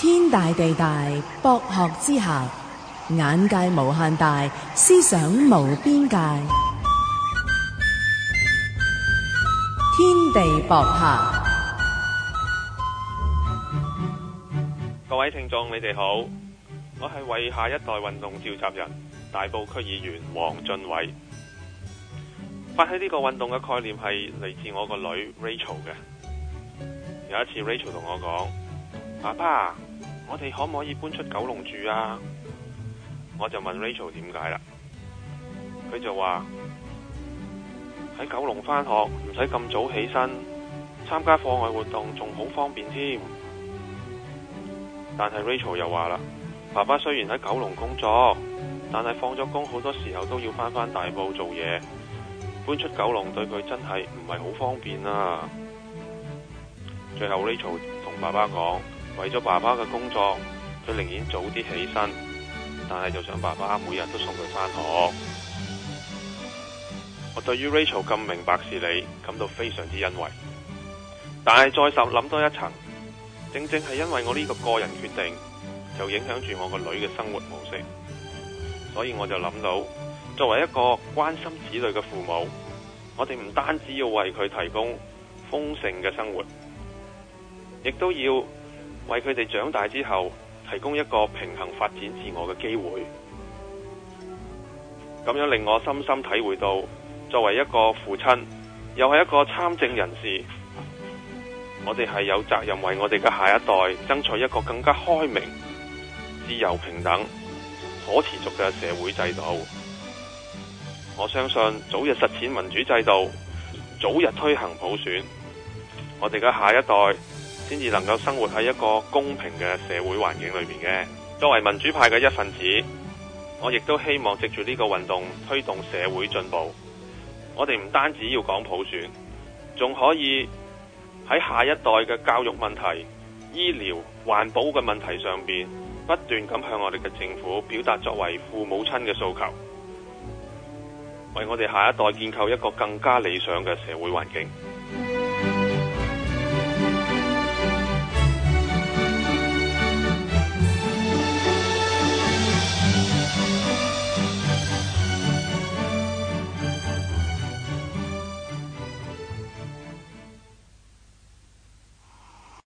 天大地大，博學之下，眼界無限大，思想無邊界。天地博客，各位聽眾，你哋好，我係為下一代運動召集人，大埔區議員黃俊偉。發起呢個運動嘅概念係嚟自我個女 Rachel 嘅。有一次 Rachel 同我講，爸爸。我哋可唔可以搬出九龍住啊？我就問 Rachel 點解啦，佢就話喺九龍返學唔使咁早起身，參加課外活動仲好方便添。但係 Rachel 又話啦，爸爸雖然喺九龍工作，但係放咗工好多時候都要翻返大埔做嘢，搬出九龍對佢真係唔係好方便啊。最後 Rachel 同爸爸講。為咗爸爸嘅工作，佢寧願早啲起身，但係就想爸爸每日都送佢返學。我對於 Rachel 咁明白事理感到非常之欣慰，但係再深諗多一層，正正係因為我呢個個人決定，就影響住我個女嘅生活模式，所以我就諗到，作為一個關心子女嘅父母，我哋唔單止要為佢提供豐盛嘅生活，亦都要。為佢哋長大之後提供一個平衡發展自我嘅機會，咁樣令我深深體會到，作為一個父親，又係一個參政人士，我哋係有責任為我哋嘅下一代爭取一個更加開明、自由、平等、可持續嘅社會制度。我相信早日實踐民主制度，早日推行普選，我哋嘅下一代先至能夠生活喺一個公平嘅社會環境裏面嘅。作為民主派嘅一份子，我亦都希望藉住呢個運動推動社會進步。我哋唔單止要講普選，仲可以喺下一代嘅教育問題、醫療、環保嘅問題上面不斷咁向我哋嘅政府表達作為父母親嘅訴求，為我哋下一代建構一個更加理想嘅社會環境。